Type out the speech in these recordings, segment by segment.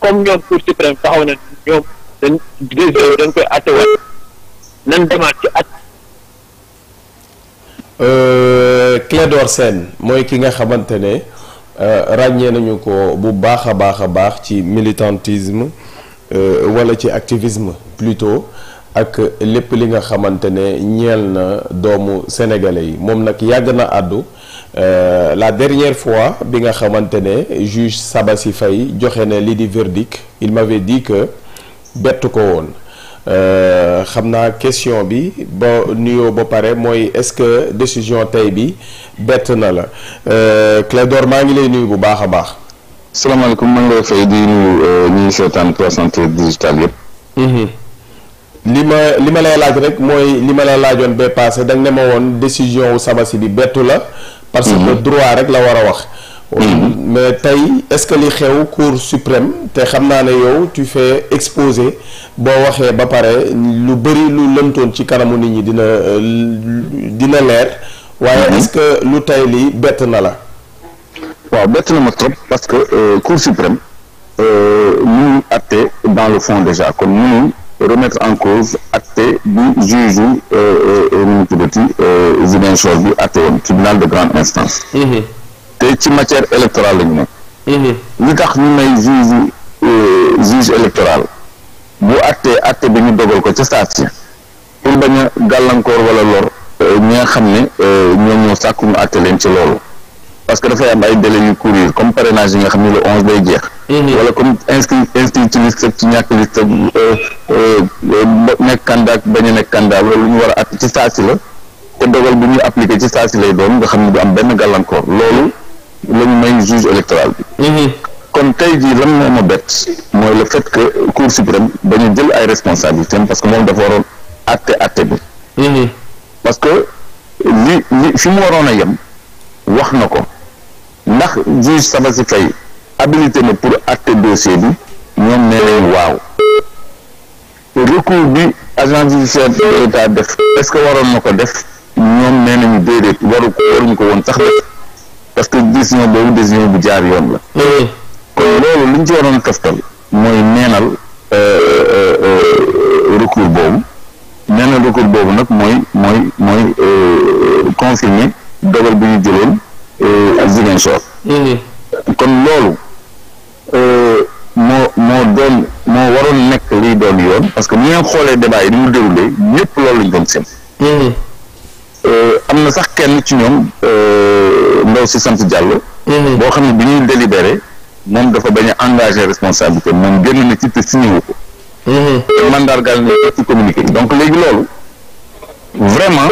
comme ñoom cour suprême taxaw na ñoom dañ décision dañ koy attéwaat nan demaat ci at. Euh, Clédor Sène mooy ki nga xamante ne euh, ràññee nañu ko bu baax a baax a baax ci militantisme euh, walla ci activisme plutôt ak lépp li nga xamante ne ñeel na doomu sénégalais yi moom nag yàgg na àddu. Euh, la dernière fois bi nga xamante ne juge Sabassi fay joxe ne lii di verdict il m'avait dit que bett ko woon euh, xam naa question bi ba nuyoo ba pare mooy est-ce que décision tey bi bett na la euh, Clédor maa ngi lay nuyu bu baax a baax. salaamaaleykum maa ngi lay fay di nuyu ñuy seetaan 313 digital yëpp. Mhm. li ma li ma lay laaj rek mooy li ma la laajoon bee paase da ne ma woon décision wu Sabassi bi bettu la. parce que mhm. droit rek la war a wax. Mhm. mais tey est-ce que li xew cour suprême te xam naa ne yow tu fais exposé boo waxee ba pare lu bëri lu lëmtoon ci kanamu nit ñi dina euh, dina leer. waaye mhm. est-ce lu tey lii bett na la. waaw bett na ma trop parce que euh, cour suprême. Euh, mënuñ àtte dans le fond déjà kon mënuñ. remettre en cause acte bu juge euh, euh, nu mu tuddati euh, Ziguinchor bi acte woon tribunal de grande instance mhm. te ci matière électorale la ñu nekk mhm. li tax ñu may juge juge électoral bu acte acte bi ñu dogal ko ca saasi pour bañ a gàllankoor wala lor ñi nga xam ne ñoom ñoo sàkku ñu acte leen ci loolu parce que dafay am ay délais yu courir comme parrainage yi nga xam ne le onze day jeex Mhm. wala comme inscrit inscrit ci liste ci ñàkk liste euh, euh, nekk candidat ak bañ a nekk candidat loolu lu ñu war a at ci saa la te dogal bu ñuy appliqué ci saa lay doon nga xam ne du am benn gàllankoor loolu la ñu may juge électoral bi mhm. kon tey jii lan moo ma bett mooy le fait que cour suprême dañu jël ay responsabilité parce que moom dafa waroon atte atte bi mhm. parce que li li fi mu waroon a yem wax na ko ndax juge Sabassy Faye habilité na pour acte dossier bi ñoom nee leen waaw recours bi agent judiciaire de l'État def est-ce que waroon na ko def ñoom nee nañu déedéet waru ko waruñu ko woon sax parce que décision boobu décision bu jaar yoon la kon loolu li ñu ci waroon toftal mooy neenal euh, euh, euh, recours boobu neenal recours boobu nag mooy mooy mooy confirmer dogal bi ñu jëloon Ziguinchor kon loolu moo moo doon moo waroon nekk liy doon yoon parce que bu ngeen xoolee débat yi ni mu déroulé ñëpp loolu lañ doon seen mm-hmm. euh, am na sax kenn ci ñoom euh, ndaw si sant Diallo mm-hmm. boo xam ne bi ñuy délibéré moom dafa bañ a engagé responsabilité moom génn na ci te signé wu ko te mm-hmm. euh, communiqué donc léegi loolu vraiment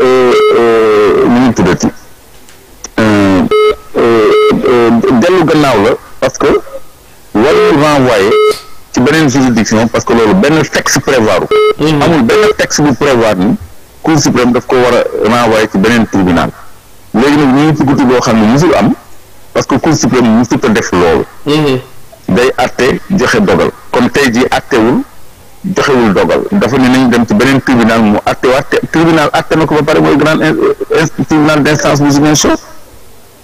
ñu mu tuddati dellu gannaaw la renvoyé ci beneen juridiction parce que loolu benn texte prévoiru mhm. amul benn texte bu prévoir ni cour suprême daf ko war a renvoyé ci beneen tribunal léegi nag ñu ngi tugutu boo xam ne musul am parce que cour suprême musut a def loolu mhm. day àtte joxe dogal kon tey jii àttewul joxewul dogal dafa ne nañ dem ci beneen tribunal mu àttewaat tribunal àtte na ko ba pare mooy grand tribunal d'instance bu Ziguinchor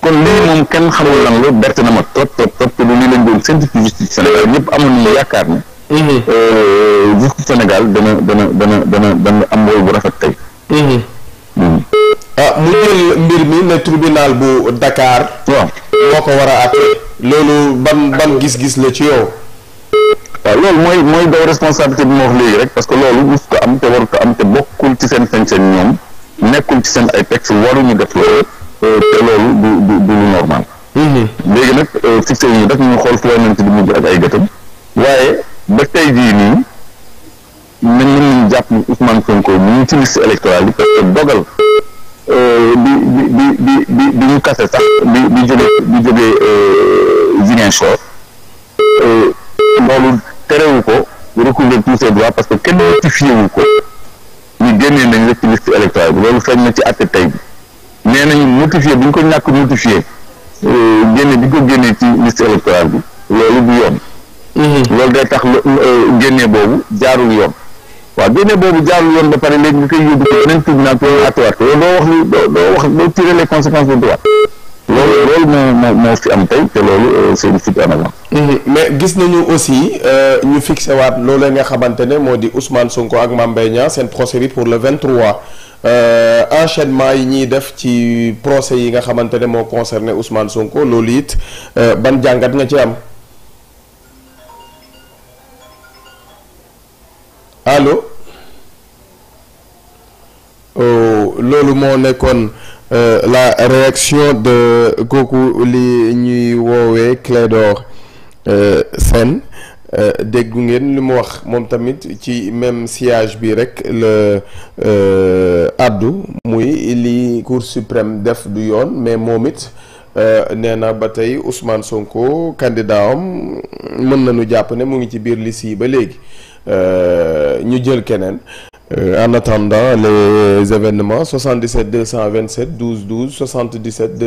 kon lii moom kenn xamul lan la berte na ma trop trop trop te du lii lañ doon séntu ci justice Sénégal ñëpp amoon nañu yaakaar ne. Mhm. Euh, justice Sénégal dana dana dana dana dana am rôle bu rafet tey. Mhm. Hmm. ah mu jël mbir mi ne tribunal bu Dakar. waaw moo ko war a àtte loolu ban ban gis-gis la ci yow. waaw loolu mooy mooy daw responsabilité bi ma wax léegi rek parce que loolu mos ko am te waru ko am te bokkul ci seen sañ-sañ ñoom nekkul ci seen ay texte waruñu def loolu. Euh, te loolu du du du lu normal. Mhm. léegi nag euh, fixé yi ñu daf ñu xool fu wane nañ ay gëtam. waaye ba tey jii nii nañ mën nañ jàpp ni Ousmane Sonko mu ngi ci liste électorale yi parce que dogal di euh, di di di di di ñu kase sax di di jógee loolu terewu ko recouvrer tous ses parce que kenn notifié wu ko ñu génnee nañ rek ci liste électorale bi loolu feeñ na ci àtte tey bi nee nañu notifié bu ñu ko nàkk notifié euh, génne bi ko génnee ci liste électorale bi loolu du yoon. Mhm. loolu day tax euh, génne boobu jaarul yoon. waaw génne boobu jaarul yoon ba pare léegi nga koy yóbbu beneen tribunal pour attewaat loolu doo wax doo doo wax de droit. loolu loolu moo moo fi am tey te loolu euh, seen fukki en mhm. mais gis nañu aussi ñu fixé waat loolee nga xamante ne moo di Ousmane Sonko ak Mame Mbaye seen procès bi pour le 23. Euh, enchaînement yi ñuy def ci procès yi nga xamante ne moo concerné Ousmane Sonko loolu it euh, ban jàngat nga ci am allo oh, loolu moo nekkoon euh, la réaction de kooku li ñuy woowee Clédor Sène Euh, déggu ngeen li mu wax moom tamit ci même sillage bi rek la euh, addu muy li cour suprême def du yoon mais moom it euh, nee na ba tey Ousmane Sonko candidat am mën nu jàpp ne mu ngi ci biir liste yi ba léegi ñu jël keneen. en attendant les événements 77 227 12 12 77 2